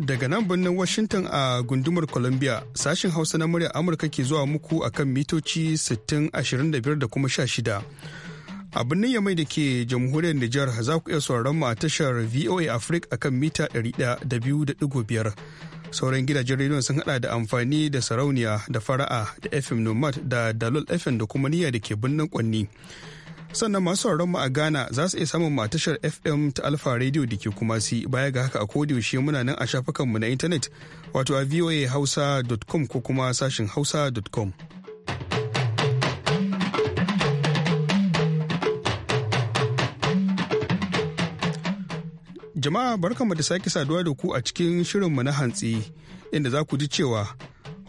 Daga nan birnin Washington a gundumar Columbia sashin Hausa na murya Amurka ke zuwa muku akan mitoci 60, 25 da kuma 16. a birnin yamai da ke jamhuriyar Nijar za ku iya sauraron mu a tashar VOA Africa akan mita 102.5 sauran gidajen rediyon sun hada da amfani da sarauniya da fara'a da FM Nomad da Dalol FM da kuma niyya da ke birnin Kwanni. sannan masu sauraron mu a Ghana za su iya samun matashar FM ta Alpha Radio da ke kuma si baya ga haka a yaushe muna nan a shafukanmu na intanet wato a voahausa.com ko kuma sashin hausa.com. Jama'a barkanmu da sake saduwa da ku a cikin shirin mu na hantsi inda za ku ji cewa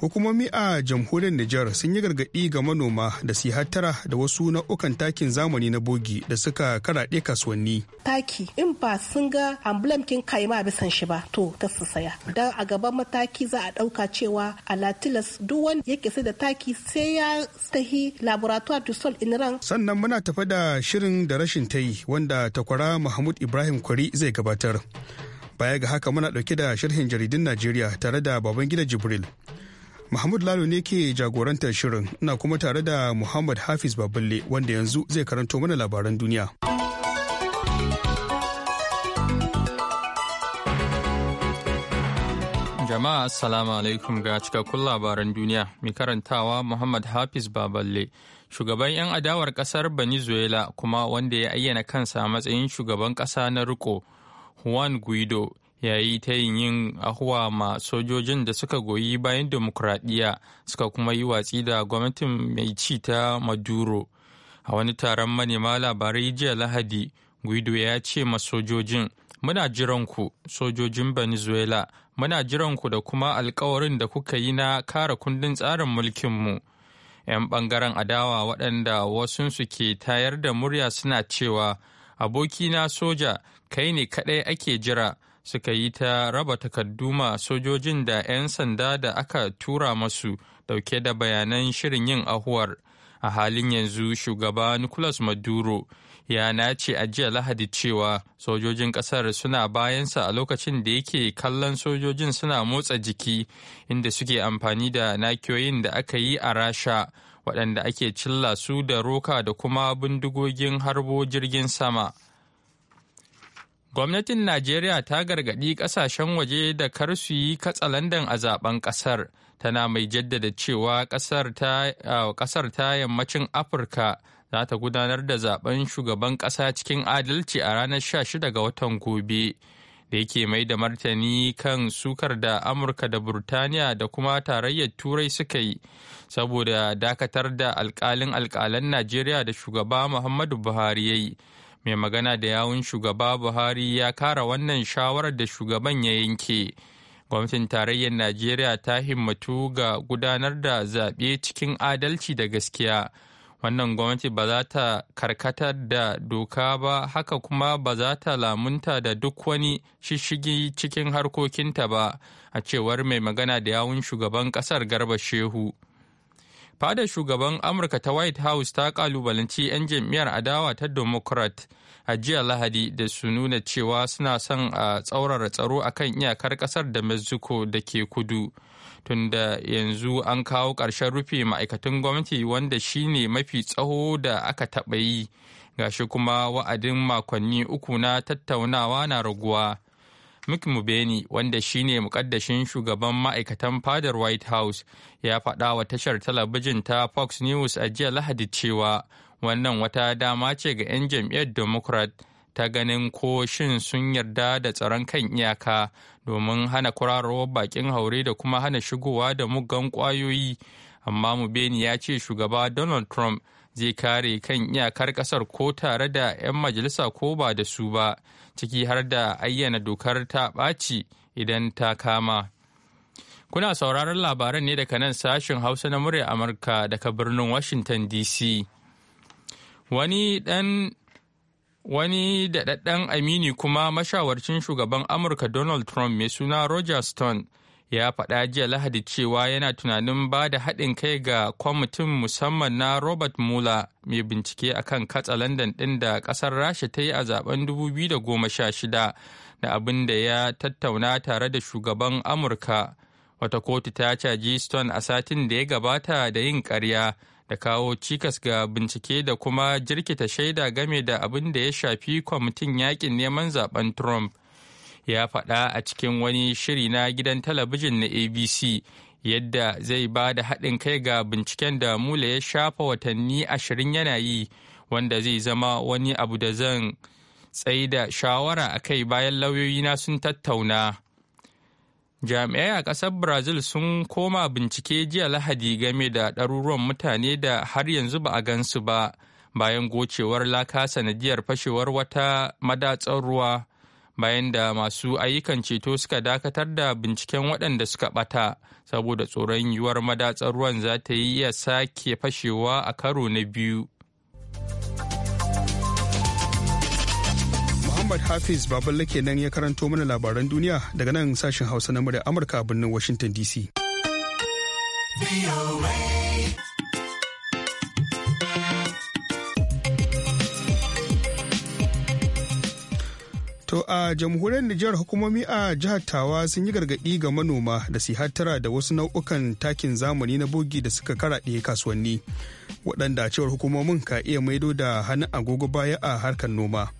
hukumomi a jamhuriyar Nijar sun yi gargaɗi ga manoma da su hattara da wasu nau'ukan takin zamani na bogi da suka karaɗe kasuwanni. Taki in ba sun ga ambulam kin kai ma bisan shi ba to ta su saya. Dan a gaban mataki za a ɗauka cewa a latilas duk wanda yake sai da taki sai ya tahi laboratoire du sol inran. Sannan muna tafa da shirin da rashin tayi wanda takwara Mahmud Ibrahim Kwari zai gabatar. Baya ga haka muna ɗauke da sharhin jaridun Najeriya tare da Babangida Jibril. Mahmud Lalo ne ke jagorantar shirin na kuma tare da Muhammad Hafiz Baballe wanda yanzu zai karanto mana labaran duniya. Jama'a Assalamu alaikum ga cikakkun labaran duniya mai karantawa Muhammad Hafiz Baballe. Shugaban 'yan adawar kasar Venezuela kuma wanda ya ayyana kansa matsayin shugaban kasa na riko Juan Guido yayi yi ta yin yin ahuwa ma sojojin da suka goyi bayan demokuraɗiyya suka kuma yi watsi da gwamnatin mai ci ta maduro a wani taron manema labarai jiya lahadi guido ya ce ma sojojin muna jiran ku sojojin venezuela muna jiran ku da kuma alkawarin da kuka yi na kare kundin tsarin mulkinmu 'yan bangaren adawa waɗanda wasunsu ke tayar da murya suna cewa abokina soja kai ne kaɗai ake jira suka yi ta raba takardu ma sojojin da 'yan sanda da aka tura masu dauke da bayanan shirin yin ahuwar a halin yanzu shugaba nicolas maduro ya nace a jiya lahadi cewa sojojin kasar suna bayansa a lokacin da yake kallon sojojin suna motsa jiki inda suke amfani da nakiyoyin da aka yi a rasha waɗanda ake cilla su da roka da kuma bindigogin harbo jirgin sama. Gwamnatin Najeriya ta gargaɗi ƙasashen waje da kar su yi katsalandan a zaben ƙasar, tana mai jaddada cewa ƙasar ta yammacin Afirka za ta gudanar da zaben shugaban ƙasa cikin adalci a ranar 16 ga watan gobe. da yake mai da martani kan sukar da amurka da burtaniya da kuma tarayyar turai suka yi saboda dakatar da alkalin alkalan najeriya da shugaba muhammadu buhari ya yi mai magana da yawun shugaba buhari ya kara wannan shawarar da shugaban ya yanke gwamnatin tarayyar najeriya ta himmatu ga gudanar da zaɓe cikin adalci da gaskiya wannan gwamnati ba za ta karkatar da doka ba haka kuma ba za ta lamunta da duk wani shishigi cikin harkokinta ba a cewar mai magana da yawun shugaban ƙasar garba shehu fadar shugaban amurka ta white house ta kalubalanci 'yan jam'iyyar adawa ta democrat a jiya lahadi da su nuna cewa suna son a tsaurara tsaro akan iyakar kasar da mexico da ke kudu tunda yanzu an kawo ƙarshen rufe ma'aikatan gwamnati wanda shine mafi tsaho da aka taɓa yi gashi kuma wa'adin makonni uku na tattaunawa na raguwa. Mick Mubeni wanda shine mukaddashin shugaban ma'aikatan fadar White House ya faɗa wa tashar talabijin ta Fox News a jiya Lahadi cewa wannan wata dama ce ga 'yan jam'iyyar Democrat ta ganin ko shin sun yarda da tsaron kan iyaka domin hana kurarowar bakin haure da kuma hana shigowa da muggan kwayoyi amma Mubeni ya ce shugaba Donald Trump zai kare kan iyakar kasar ko tare da 'yan majalisa ko ba da su ba ciki har da ayyana dokar ta ɓaci idan ta kama kuna sauraron labaran ne daga nan sashen hausa na murya amurka daga birnin washington dc wani dan wani daɗaɗɗen amini kuma mashawarcin shugaban amurka donald trump mai suna roger stone ya faɗa jiya lahadi cewa yana tunanin ba da haɗin kai ga kwamitin musamman na robert mueller mai bincike akan katsa london ɗin da ƙasar rasha ta yi a zaben 2016 da abin da ya tattauna tare da shugaban amurka wata kotu ta caji stone a satin da ya gabata da yin karya da kawo cikas ga bincike da kuma jirkita shaida game da abin da ya shafi kwamitin yakin neman zaben trump ya faɗa a cikin wani shiri na gidan talabijin na abc yadda zai ba da haɗin kai ga binciken da mula ya shafa watanni ashirin yana yi wanda zai zama wani abu da zan tsaida shawara a kai bayan lauyoyina sun tattauna jami'ai a ƙasar brazil sun koma bincike jiya lahadi game da ɗaruruwan mutane da har yanzu ba a gansu ba bayan gocewar laka sanadiyar fashewar wata madatsar ruwa bayan da masu ayyukan ceto suka dakatar da binciken waɗanda suka ɓata saboda tsoron yiwuwar madatsar ruwan za ta yi iya sake fashewa a karo na biyu. Muhammad Hafiz Baballe kenan ya karanto mana labaran duniya daga nan sashen Hausa na murya Amurka a birnin Washington DC. To a jamhuriyar Nijar hukumomi a jihar Tawa sun yi gargaɗi ga manoma da su hattara da wasu nau'ukan takin zamani na bogi da suka karaɗe kasuwanni waɗanda cewar hukumomin ka iya maido da hannun agogo baya a harkar noma.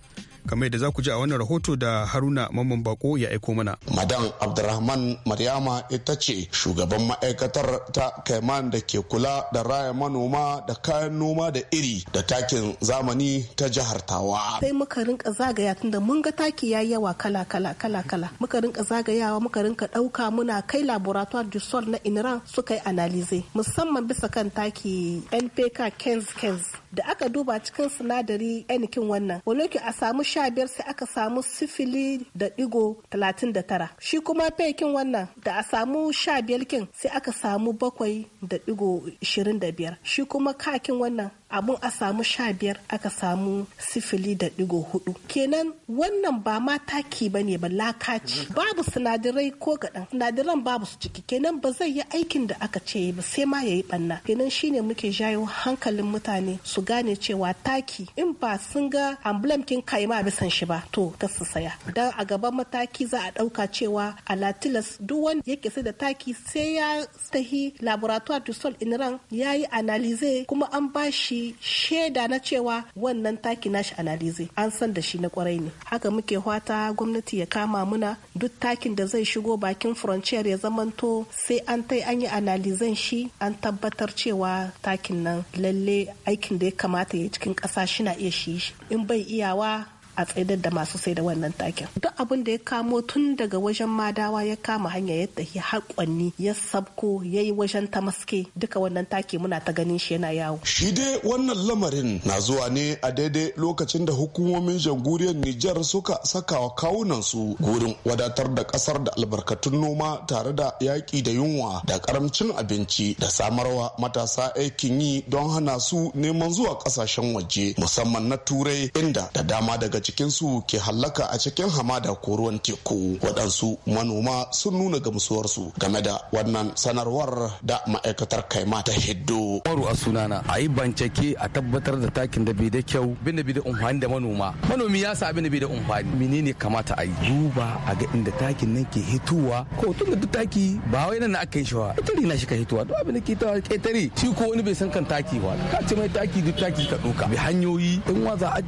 kamar yadda za ku ji a wannan rahoto da haruna mamman bako ya aiko mana madan abdurrahman maryama ita ce shugaban ma'aikatar ta kaiman da ke kula da raya manoma da kayan noma da iri da takin zamani ta jihar tawa sai muka rinka zagaya tunda mun ga taki ya yawa kala kala kala kala muka rinka zagayawa muka rinka ɗauka muna kai laboratoire du sol na inran suka yi analize musamman bisa kan taki npk kenz kens. da aka duba cikin sinadari ainihin wannan waloki a samu sha biyar sai aka samu sifili da digo talatin da tara shi kuma fekin wannan da a samu sha biyar kin sai aka samu bakwai da digo ishirin da biyar shi kuma kakin wannan abun a samu sha biyar aka samu sifili da digo hudu kenan wannan ba ma taki ba ne ba lakaci babu sinadarai ko gaɗan sinadaran babu su ciki kenan ba zai yi aikin da aka ce ba sai ma ya yi ɓanna kenan shine muke jayo hankalin mutane su gane cewa taki in ba sun ga ambulam kin kai ma bisan shi ba to ka su saya dan a gaban mataki za a ɗauka cewa alatilas duk wanda yake sai da taki sai ya tahi laboratoire du sol inran ya yi analize kuma an bashi shaida na cewa wannan taki nashi analize an san da shi na kwarai ne haka muke fata gwamnati ya kama muna duk takin da zai shigo bakin frontier ya zamanto sai an tai an yi analizan shi an tabbatar cewa takin nan lalle aikin da ya kamata ya cikin ƙasa shi na iya shi in bai iyawa a tsaidar da masu sai da wannan takin duk abin da ya kamo tun daga wajen madawa ya kama hanya ya tafi har kwanni ya sabko ya yi wajen ta maske duka wannan take muna ta ganin shi yana yawo shi dai wannan lamarin na zuwa ne a daidai lokacin da hukumomin jamhuriyar Nijar suka saka wa kawunan su gurin wadatar da kasar da albarkatun noma tare da yaƙi da yunwa da karamcin abinci da samarwa matasa aikin yi don hana su neman zuwa kasashen waje musamman na turai inda da dama daga su ke hallaka a cikin hamada ko ruwan teku waɗansu manoma sun nuna gamsuwarsu game da wannan sanarwar da ma'aikatar kaima ta hiddo. Maru a sunana a yi bancake a tabbatar da takin da bai da kyau bin da bi da umfani da manoma manomi ya sa abin da bi da umfani menene kamata a yi duba a ga inda takin nan ke hituwa ko tun da taki ba wai nan na aka yi shawa. ba ne na shi ka hituwa duk abin da ke tawa ƙetare shi ko wani bai san kan taki ba ka ce mai taki duk taki ka ɗauka bi hanyoyi in wa za a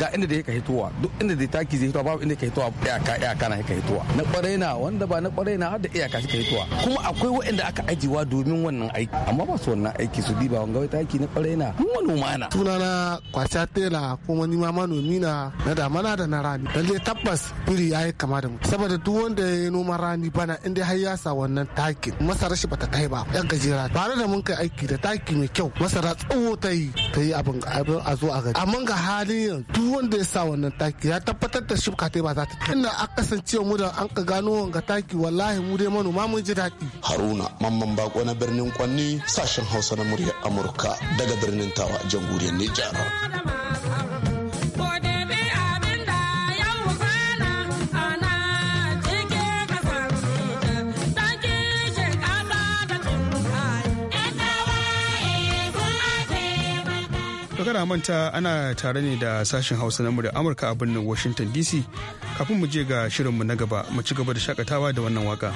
ga inda da ya ka hituwa hitowa duk inda da taki zai hitowa babu inda ka hitowa iyaka iyaka na ka hitowa na kwarai na wanda ba na kwarai na har da iyaka shi ka hitowa kuma akwai waɗanda aka ajiwa domin wannan aiki amma ba su wannan aiki su diba wanga wai taki na kwarai na mun manoma na sunana kwasa tela kuma ni ma manomi na na mana da na rani dai tabbas biri yayi kama da mu saboda duk wanda ya noma rani bana inda har ya sa wannan takin masara shi bata kai ba yan gajera ba da mun kai aiki da taki mai kyau masara tsawo ta yi ta yi abin a zo a gari amma ga halin yanzu duk wanda ya sa wannan wannan taki ya tabbatar da shuka ta ba za ta tunda a kasance mu da an ka gano wanga taki wallahi mu dai manoma mun ji daɗi haruna mamman bako na birnin kwanni sashen hausa na muryar amurka daga birnin tawa jamhuriyar nijar yana manta ana tare ne da sashen hausa na murya amurka a birnin washington dc kafin mu je ga shirinmu na gaba mu ci gaba da shakatawa da wannan waka.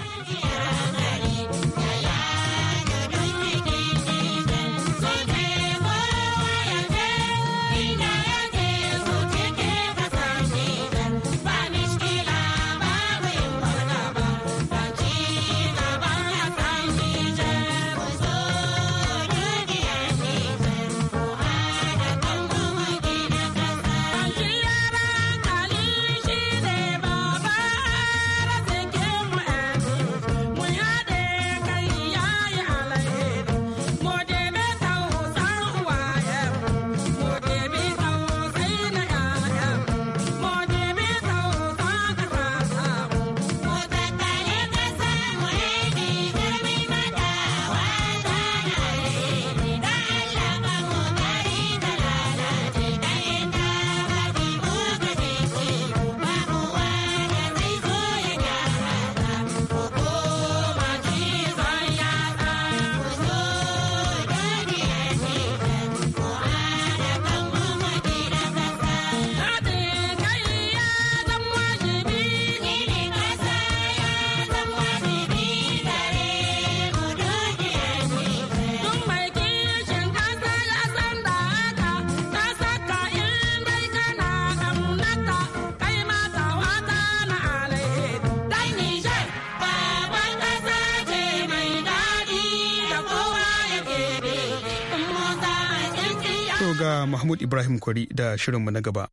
mahmud ibrahim kwari da shirinmu na gaba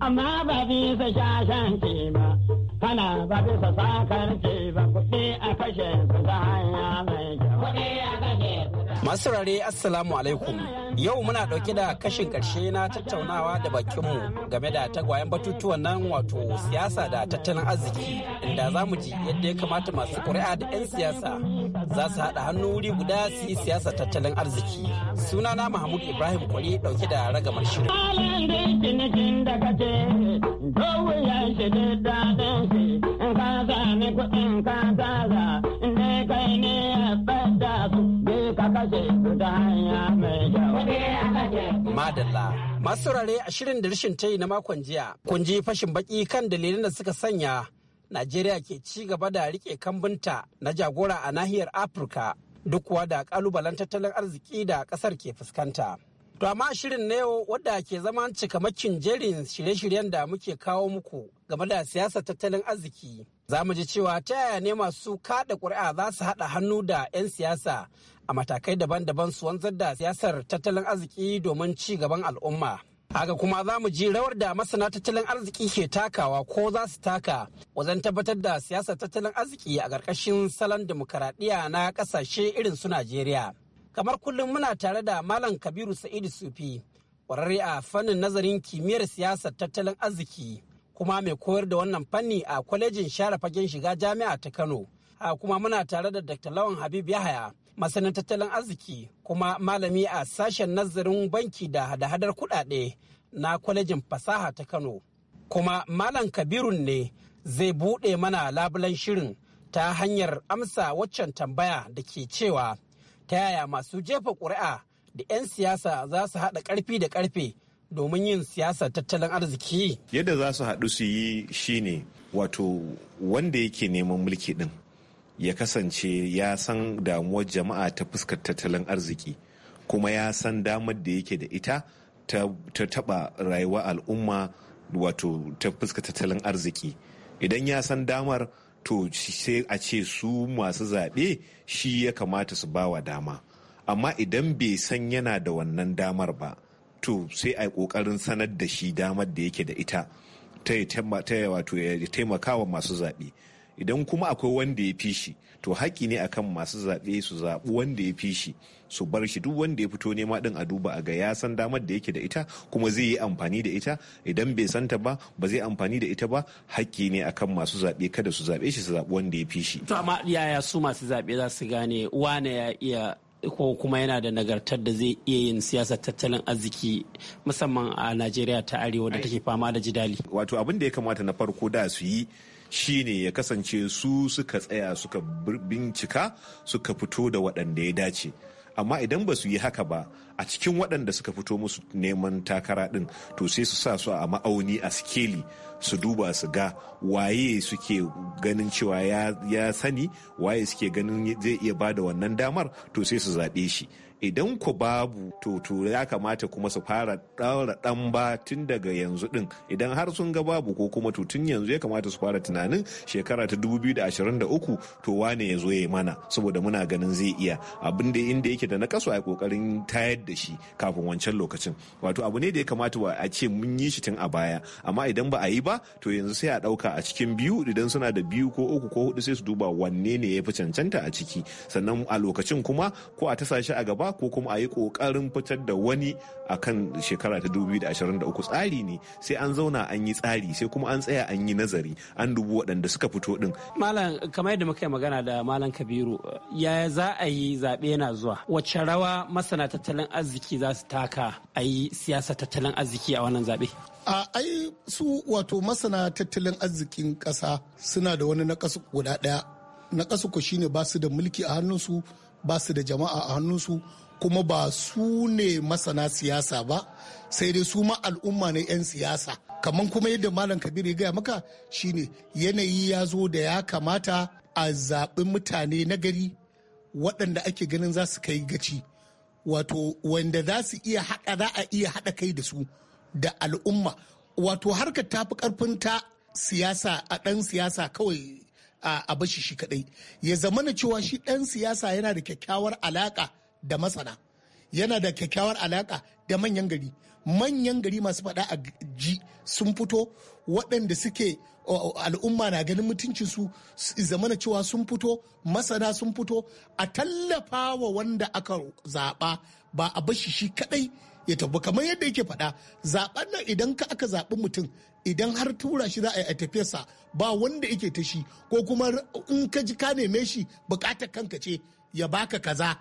amma ba bisa shashan ba kana ba bisa kuɗi a kashe su a Masu rare Assalamu alaikum. Yau muna ɗauke da kashin ƙarshe na tattaunawa da bakinmu game da tagwayen batutuwan nan wato siyasa da tattalin arziki inda za mu ji yadda ya kamata masu ƙuri'a da 'yan siyasa za su haɗa hannu wuri guda su yi siyasa tattalin arziki. Sunana Mahmud Ibrahim Kwari ɗauke da ragamar shirin. ka kuɗin ne Madalla. Masu saurare a shirin da rashin tayi na makon jiya, kun ji fashin baki kan dalilan da suka sanya Najeriya ke ci gaba da rike kambunta na jagora a nahiyar Afirka duk kuwa da kalubalen tattalin arziki da kasar ke fuskanta. To amma shirin na yau wadda ke zama cikamakin jerin shirye-shiryen da muke kawo muku game da siyasar tattalin arziki. Za mu ji cewa ta yaya ne masu kada ƙuri'a za su haɗa hannu da 'yan siyasa a matakai daban-daban su wanzar da siyasar tattalin arziki domin ci gaban al'umma. Haka kuma za mu ji rawar da masana tattalin arziki ke takawa ko za su taka wajen tabbatar da siyasar tattalin arziki a ƙarƙashin salon demokaradiyya na ƙasashe irin su Najeriya. Kamar kullum muna tare da Malam Kabiru Sa'idu Sufi, ƙwararre a fannin nazarin kimiyyar siyasar tattalin arziki, kuma mai koyar da wannan fanni a kwalejin share fagen shiga jami'a ta Kano. A kuma muna tare da Dr. Lawan Habib Yahaya, masanin tattalin arziki kuma malami a sashen nazarin banki da hada-hadar kuɗaɗe na kwalejin fasaha ta Kano. Kuma Malam Kabiru ne zai buɗe mana labulan shirin ta hanyar amsa waccan tambaya da ke cewa ta yaya masu jefa ƙuri'a da 'yan siyasa za su haɗa ƙarfi da ƙarfe domin yin siyasar tattalin arziki. Yadda za su haɗu su yi shine wato wanda yake neman mulki ɗin ya kasance ya san damuwar jama'a ta fuskar tattalin arziki kuma ya san damar da yake da ita ta taba rayuwa al'umma wato ta fuskar tattalin arziki idan ya san damar to sai a ce su masu zaɓe shi ya kamata su bawa dama amma idan bai san yana da wannan damar ba to sai a yi ƙoƙarin sanar da shi damar da yake da ita ta yi ya masu zaɓe idan kuma akwai wanda ya fi shi to haƙƙi ne akan masu zaɓe su zaɓi wanda ya fi shi su bar shi duk wanda ya fito nema din a duba a ga ya san damar da yake da ita kuma zai yi amfani da ita idan bai santa ba ba zai amfani da ita ba haƙƙi ne akan masu zaɓe kada su zaɓe shi su zaɓi wanda ya fi shi. to amma yaya su masu zaɓe za su gane wane ya iya ko kuma yana da nagartar da zai iya yin siyasar tattalin arziki musamman a najeriya ta arewa da take fama da jidali wato abin da ya kamata na farko da su yi shine ya kasance su suka tsaya suka bincika suka fito da waɗanda ya dace amma idan ba su yi haka ba a cikin waɗanda suka fito musu neman takara ɗin to sai su sa su a ma'auni a sikeli su duba su ga waye suke ganin cewa ya sani waye suke ganin zai iya ba da wannan damar to sai su zaɓe shi idan ku babu to ya kamata kuma su fara ɗaura ɗan ba tun daga yanzu ɗin idan har sun ga babu ko kuma to tun yanzu ya kamata su fara tunanin shekara ta 2023 to wane ya zo ya mana saboda muna ganin zai iya abin da inda yake da na a kokarin tayar da shi kafin wancan lokacin wato abu ne da ya kamata a ce mun yi shi tun a baya amma idan ba a yi ba to yanzu sai a ɗauka a cikin biyu idan suna da biyu ko uku ko hudu sai su duba wanne ne ya fi cancanta a ciki sannan a lokacin kuma ko a tasa shi a gaba ko kuma a yi ƙoƙarin fitar da wani a kan shekara ta 2023 tsari ne sai an zauna an yi tsari sai kuma an tsaya an yi nazari an dubu waɗanda suka fito ɗin. Malam kamar yadda muka yi magana da Malam Kabiru ya za a yi zaɓe yana zuwa wacce rawa masana tattalin arziki za su taka a yi siyasa tattalin arziki a wannan zaɓe? a ai su wato masana tattalin arzikin ƙasa suna da wani nakasu guda ɗaya nakasu ku shine ba su da mulki a hannunsu ba su da jama'a a hannunsu kuma ba su ne masana siyasa ba sai dai su ma al'umma ne 'yan siyasa kamar kuma yadda malam kabir ya gaya maka shine yanayi ya zo da ya kamata a zaɓi mutane na gari waɗanda ake ganin za su kai gaci wato wanda za su iya haɗa za a iya haɗa kai da su da al'umma wato harkar tafi ƙarfin ta siyasa a ɗan siyasa kawai a bashi shi kadai ya zamana cewa shi dan siyasa yana da kyakkyawar alaka da masana yana da kyakkyawar alaka da manyan gari manyan gari masu faɗa a ji sun fito waɗanda suke al'umma na ganin mutuncin mutuncinsu zamana cewa sun fito masana sun fito a tallafa wa wanda aka zaɓa ba a bashi shi kadai ya tabbu kamar yadda yake faɗa zaɓen nan idan ka aka zaɓi mutum idan har tura shi za a yi a tafiyarsa ba wanda yake ta shi ko kuma in ka ji ka neme shi bukatar kanka ce ya baka kaza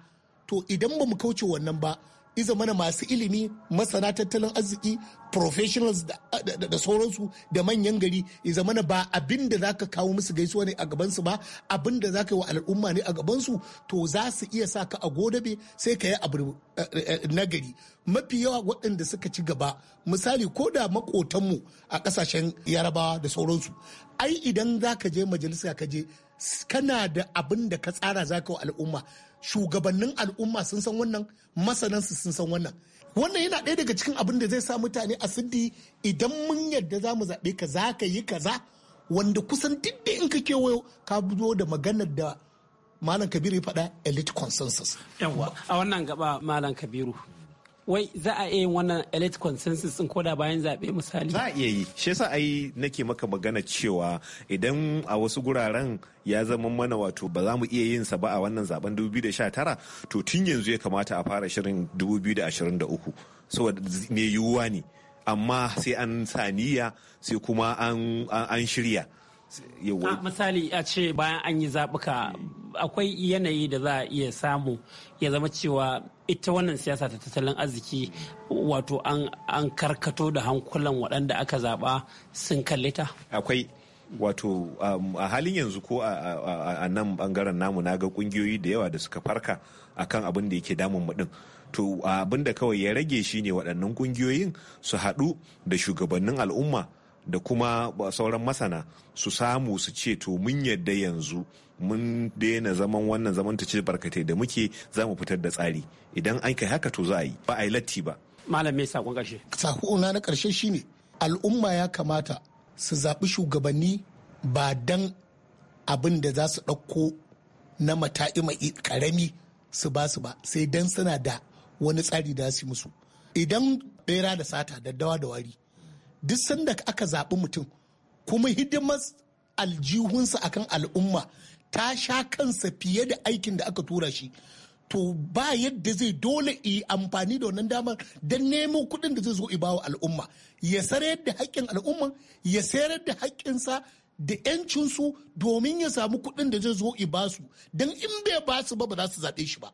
to idan ba mu kauce wannan ba iza mana masu ilimi masana tattalin arziki professionals da sauransu da manyan gari ya mana ba abin da zaka kawo musu gaisuwa ne a gabansu ba abin da zaka yi wa al'umma ne a gabansu to za su iya sa ka a godabe sai ka yi abu eh, eh, eh, nagari mafi yawa waɗanda suka ci gaba misali ko da makotanmu a ƙasashen yarabawa da sauransu ai idan zaka je majalisa ka je kana da abin da ka tsara zaka wa al'umma shugabannin al'umma sun san wannan masanansu sun san wannan wannan yana ɗaya daga cikin abin da zai sa mutane a siddi idan mun yadda za mu zaɓe ka za ka yi kaza wanda kusan duk da in ka kewayo ka zo da maganar da malam kabiru ya faɗa elite consensus yawa a wannan gaba malam kabiru wai za a iya wannan elite consensus din koda bayan zaɓe misali za a iya yi shi yasa ai nake maka magana cewa idan a wasu guraren ya zama mana wato ba za mu iya yin sa ba a wannan zaben 2019 to tun yanzu ya kamata a fara shirin 2023 So me yiwuwa ne amma sai an saniya sai kuma an shirya misali a ce bayan an yi zaɓuka akwai yanayi da za a iya samu ya zama cewa ita wannan siyasa ta tattalin arziki wato an karkato da hankulan waɗanda aka zaɓa sun kallita. akwai wato um, a halin yanzu ko a nan bangaren namu na ga kungiyoyi da yawa da suka farka akan abin da yake damun mu to abin da kawai ya rage shine waɗannan ƙungiyoyin su haɗu da shugabannin al'umma da kuma sauran masana su samu su ce to mun yadda yanzu mun daina zaman wannan zaman ta ce barkatai da muke za mu fitar da tsari idan an kai haka to za a yi ba a yi latti ba malam me sakon karshe sakona na karshe shine al'umma ya kamata su zaɓi shugabanni ba dan abin da za su ɗauko na mai karami su ba su ba sai dan suna da wani tsari da su musu idan bera da sata da dawa da wari duk sanda aka zaɓi mutum kuma hidimar aljihunsa akan al'umma ta sha kansa fiye da aikin da aka tura shi to ba yadda zai dole yi amfani da wannan damar don nemo kuɗin da zai zo ibawa al'umma ya sayar da haƙƙin al'umma ya sayar da haƙƙinsa da 'yancinsu domin ya samu kuɗin da zai zo ibasu don in bai basu ba ba za su zaɓe shi ba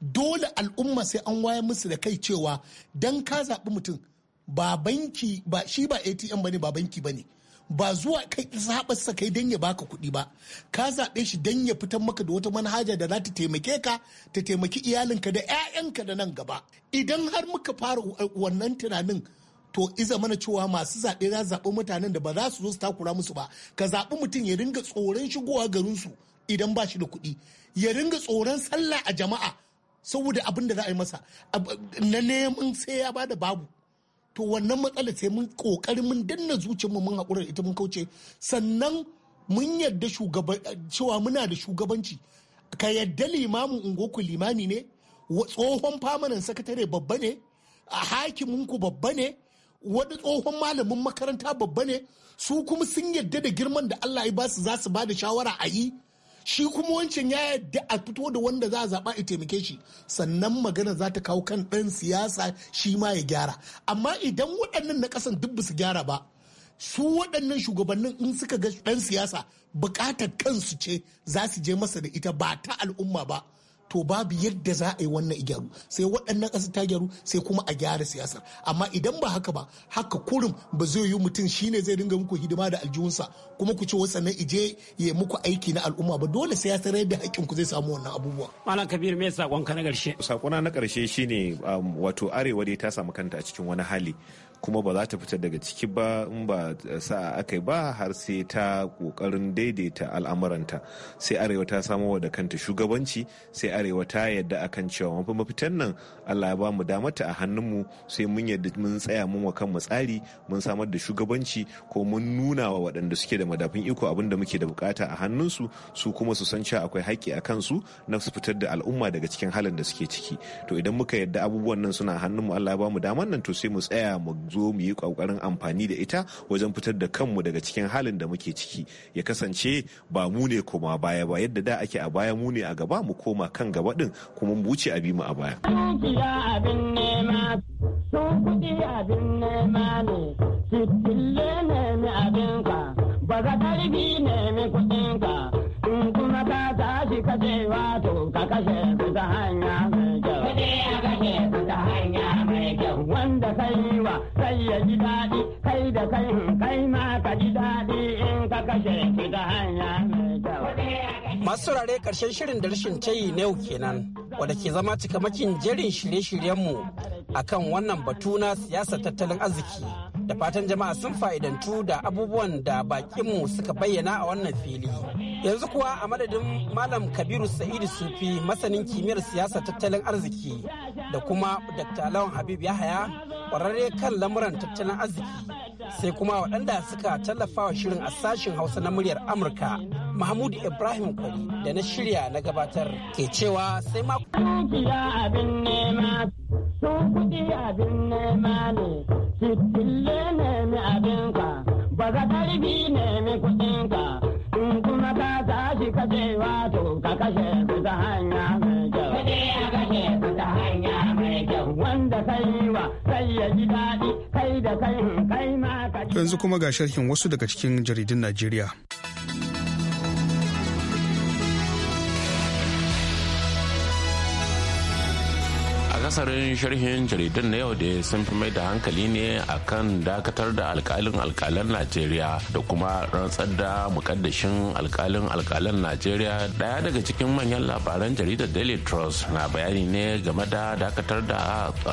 dole al'umma sai an waya musu da kai cewa don ka zaɓi mutum ba banki ba shi ba atm bane ba banki bane ba zuwa kai sa kai don ya baka kuɗi ba ka zaɓe shi don ya fitar maka da wata manhaja da za ta taimake ka ta taimaki iyalinka da 'ya'yanka da nan gaba idan har muka fara uh, wannan tunanin to iza mana cewa masu zaɓe za zaɓi mutanen da ba za su zo su takura musu ba ka zaɓi mutum ya ringa tsoron shigowa garinsu idan ba shi da kuɗi ya ringa tsoron sallah a jama'a saboda abin da za a yi masa na neman sai ya bada babu to wannan matsalar sai mun kokarin mun danna zuciyar mu mun hakura ita mun kauce sannan mun yarda cewa muna da shugabanci ka yarda limamin ungoku limami ne tsohon famanan sakatare babba ne a hakimin ku babba ne wani tsohon malamin makaranta babba ne su kuma sun yarda da girman da Allah ya basu za su ba da shawara a yi shi kuma wancan ya yadda a fito da wanda za a zaɓa a taimake shi sannan magana za ta kawo kan ɗan siyasa shi ma ya gyara amma idan waɗannan na ƙasan duk su gyara ba su waɗannan shugabannin in suka ga ɗan siyasa buƙatar kansu ce za su je masa da ita ba ta al'umma ba to babu yadda za a yi wannan gyaru sai waɗannan ƙasar ta gyaru sai kuma a gyara siyasar amma idan ba haka ba haka kurum ba zai yi mutum shine zai dinga muku hidima da aljihunsa kuma ku ce wasa na ije ya muku aiki na al'umma ba dole sai ya tsare da haƙƙin ku zai samu wannan abubuwa malam kabir me sakon ka na ƙarshe sakona na ƙarshe shine um, wato arewa dai ta samu kanta a cikin wani hali kuma ba za ta fita daga ciki ba in ba eh, sa'a aka yi ba har sai ta kokarin daidaita al'amuranta sai arewa ta samo da kanta shugabanci sai arewa ta yadda akan cewa mafi mafitan nan allah ya ba mu damata a hannunmu sai mun yadda mun tsaya mun wa kanmu tsari mun samar da shugabanci ko mun nuna wa waɗanda suke da madafin iko abin da muke da bukata a hannunsu su kuma su san cewa akwai haƙƙi a kansu na su fitar da al'umma daga cikin halin da suke ciki to idan muka yadda abubuwan nan suna hannunmu allah ya ba mu daman nan to sai mu tsaya mu zo mu yi ƙoƙarin amfani da ita wajen fitar da kanmu daga cikin halin da muke ciki ya kasance ba mu ne koma baya ba yadda da ake a baya mu ne a gaba mu koma kan gaba din kuma mu wuce a bi mu a baya. kuma ka tashi ka je wato ka kashe su hanya mai kyau. Kuɗi a kashe su ta hanya wanda kai wa sai ya ji daɗi kai da kai kai ma ka ji daɗi in ka kashe shi ta hanya mai Masu saurare ƙarshen shirin da rashin tayi na yau kenan wadda ke zama cikamakin jerin shirye-shiryenmu a kan wannan batu na siyasar tattalin arziki. Da fatan jama'a sun fa'idantu da abubuwan da bakinmu suka bayyana a wannan fili. yanzu kuwa a madadin malam kabiru sa'idu sufi masanin kimiyyar siyasa tattalin arziki da kuma dr lawan habib yahaya kwararre kan lamuran tattalin arziki sai kuma waɗanda suka tallafa wa shirin a sashen hausa na muryar amurka mahmud ibrahim kwari da na shirya na gabatar ke cewa sai ma Ba za ribi nemi kuɗinka in kuma ka tashi ka wato ka kashe su ta hanya mai kyau. Kaje a kashe su ta hanya mai kyau. Wanda kayiwa wa sai ya ji daɗi kai da kai kai ma ka Yanzu kuma ga sharhin wasu daga cikin jaridun Najeriya. nasarin sharhin jaridan na yau da sun fi mai da hankali ne a kan dakatar da alkalin alkalan najeriya da kuma rantsar da mukaddashin alkalin alkalan najeriya daya daga cikin manyan labaran jaridar daily trust na bayani ne game da dakatar da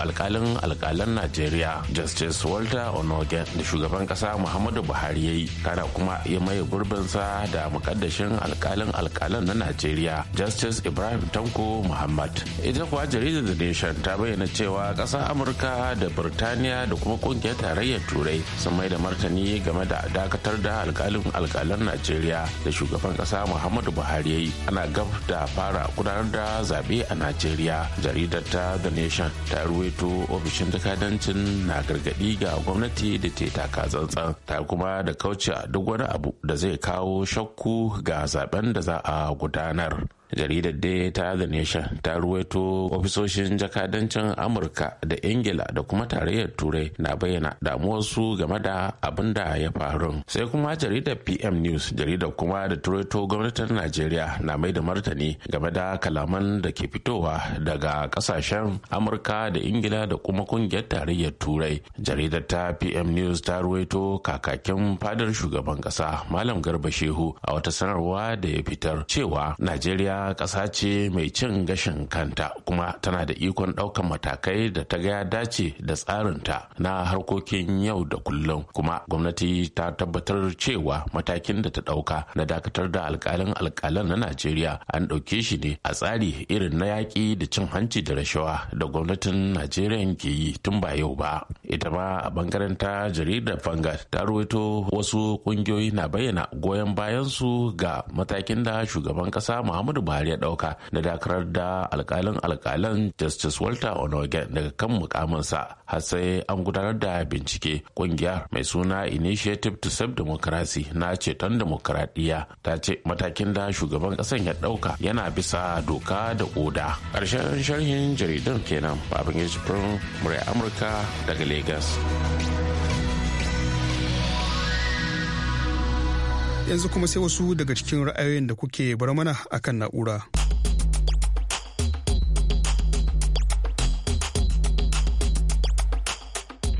alkalin alkalan najeriya justice walter onogen da shugaban kasa muhammadu buhari ya yi kana kuma ya mai gurbinsa da mukaddashin alkalin alkalan na najeriya justice ibrahim tanko muhammad ita kuwa jaridar the nation ta bayyana cewa ƙasar amurka da birtaniya da kuma ƙungiyar tarayyar turai sun mai da martani game da dakatar da alkalin alkalan najeriya da shugaban ƙasa muhammadu buhari ya yi ana gab da fara gudanar da zaɓe a najeriya jaridar ta the nation ta ruwaito ofishin jakadancin na gargaɗi ga gwamnati da ta taka tsantsan ta kuma da kauce duk wani abu da zai kawo shakku ga zaben da za a gudanar jaridar dai ta the nation ta ruwaito ofisoshin jakadancin amurka da ingila da kuma tarayyar turai na bayyana damuwarsu game da abin da ya faru sai kuma jaridar pm news jaridar kuma da turaito gwamnatin najeriya na mai da martani game da kalaman da ke fitowa daga kasashen amurka da ingila da kuma kungiyar tarayyar turai jaridar ta pm news ta ruwaito kakakin fadar shugaban kasa malam garba shehu a wata sanarwa da ya fitar cewa najeriya kasa ƙasa ce mai cin gashin kanta kuma tana da ikon ɗaukan matakai da ta ga dace da tsarinta na harkokin yau da kullum kuma gwamnati ta tabbatar cewa matakin da ta ɗauka na dakatar da alkalin alkalan na najeriya an ɗauke shi ne a tsari irin na yaki da cin hanci da rashawa da gwamnatin najeriya ke yi tun ba yau ba ita ma a bangaren ta jaridar fanga ta ruwaito wasu ƙungiyoyi na bayyana goyon bayansu ga matakin da shugaban ƙasa muhammadu buhari ya dauka na dakarar da alkalin alkalin justice walter onogen daga kan mukaminsa har sai an gudanar da bincike kungiyar mai suna initiative to save democracy na ceton demokradiyya ta ce matakin da shugaban kasan ya dauka yana bisa doka da oda karshen sharhin jaridan kenan babin yajibirin murai amurka daga lagos yanzu kuma sai wasu daga cikin ra'ayoyin da kuke bar mana akan na'ura.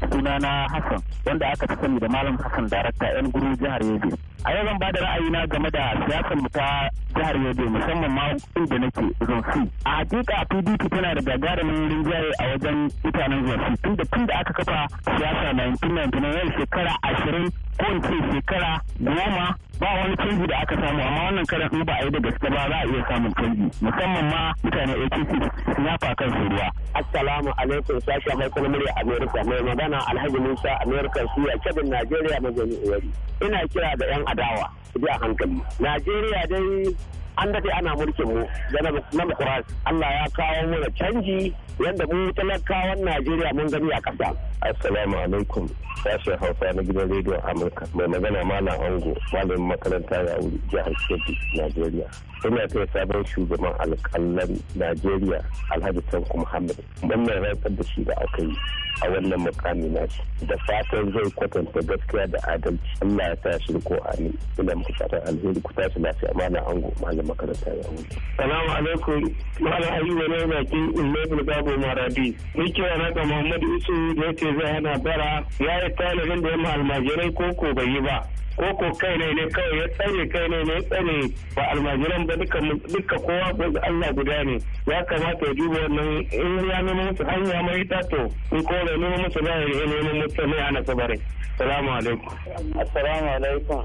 sunana Hassan wanda aka fi sani da Malam Hassan darakta 'yan guru jihar Yobe. A yau zan ba da ra'ayi na game da siyasar mu ta jihar Yobe musamman ma inda nake Zonsi. A hakika PDP tana da gagarumin rinjaye a wajen mutanen Zonsi tunda tunda aka kafa siyasa 1999 shekara ashirin ko shekara goma ba wani canji da aka samu amma wannan karan in ba a yi da gaske ba za a iya samun canji musamman ma mutane APC sun yafa su ruwa. Assalamu alaikum sashi mai kuma murya america mai magana Alhaji Musa Amerika suya Kebin Najeriya mazauni Uwari. Ina kira da 'yan adawa su biya hankali. Najeriya dai an daɗe ana mulkin mu da na Allah ya kawo mana canji yadda mu talakawan Najeriya mun gani a ƙasa. Assalamu alaikum sashen Hausa na gidan rediyon Amurka mai magana Malam Ango malamin makaranta ya wuri jihar Kebbi Najeriya. ina taya sabon shugaban alƙalan najeriya alhaji tanku muhammad wannan rantsar da shi da aka yi a wannan mukami nashi da fatan zai kwatanta gaskiya da adalci allah ya tashi ko ani ina muku fatan alheri ku tashi lafiya malam ango malam makaranta ya wuce salamu alaikum malam ayuba ne baki ilmai babu maradi ni kira na ga isu da yake zai hana bara ya yi talibin da ya ma almajirai ko ko bai yi ba ko ko kai ne ne kawai ya tsare kai ne ne ya tsare ba almajiran ba duka duka kowa ko Allah guda ne ya kamata ya duba wannan in ya nuna musu hanya mai ta to in ko da nuna musu ba ya nuna musu ne ana sabare assalamu alaikum assalamu alaikum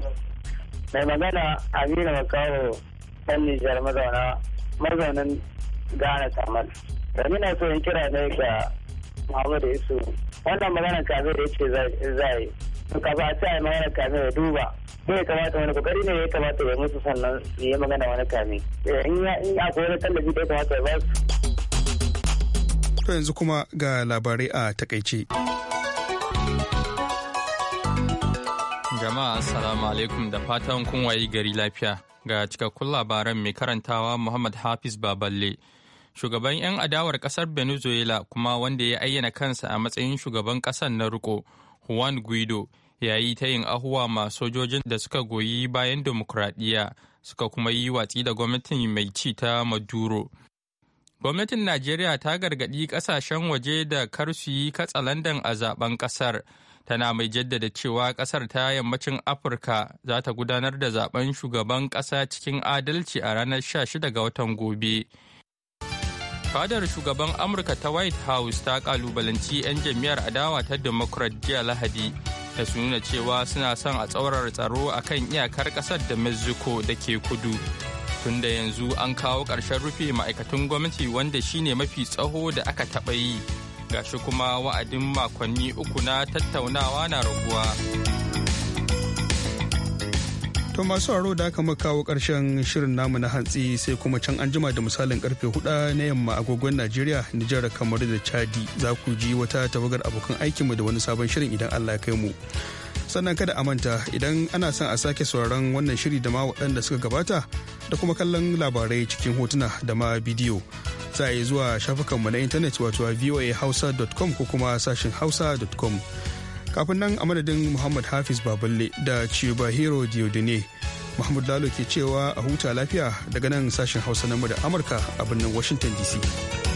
mai magana Aminu Makawo dan Nijar mazauna mazaunin Ghana Tamal da muna so in kira ne ga Muhammadu Isu wannan magana kafin da ce zai suka ba ta yi mara kame ya duba ne ya kamata wani kokari ne ya kamata ya musu sannan su yi magana wani kame eh, in ya in tallafi da ya kamata ya basu. yanzu kuma ga labarai a takaice. jama'a assalamu alaikum da fatan kun wayi gari lafiya ga cikakkun labaran mai karantawa muhammad hafiz baballe shugaban 'yan adawar kasar venezuela kuma wanda ya ayyana kansa a matsayin shugaban kasar na riko juan guido yayi ta yin ahuwa ma sojojin da suka goyi bayan demokuraɗiyya suka kuma yi watsi da gwamnatin mai ci ta maduro gwamnatin najeriya ta gargaɗi ƙasashen waje da kar su yi katsalandan a zaben ƙasar tana mai jaddada cewa ƙasar ta yammacin afirka za ta gudanar da zaben shugaban ƙasa cikin adalci a ranar 16 ga watan gobe. fadar shugaban amurka ta white house ta kalubalanci 'yan jam'iyyar adawa ta democrat jiya lahadi da su nuna cewa suna son a tsaurar tsaro a kan iyakar kasar da mexico da ke kudu tun da yanzu an kawo ƙarshen rufe ma'aikatan gwamnati wanda shine mafi tsaho da aka taɓa yi gashi kuma wa'adin makonni uku na tattaunawa na raguwa. To masu aro da aka kawo karshen shirin namu na hantsi sai kuma can an jima da misalin karfe huda na yamma agogon Najeriya, Nijar, kamar da Chadi za ku ji wata tawagar abokan aikinmu da wani sabon shirin idan Allah ya kai mu. Sannan kada a manta idan ana son a sake sauraron wannan shiri da ma waɗanda suka gabata da kuma kallon labarai cikin hotuna da ma bidiyo. Za a yi zuwa shafukanmu na intanet wato voahausa.com ko kuma sashin hausa.com. kafin nan a madadin muhammad hafiz baballe da chibahiro diodine mahmud lalo ke cewa a huta lafiya daga nan sashen hausa na da amurka a birnin washington dc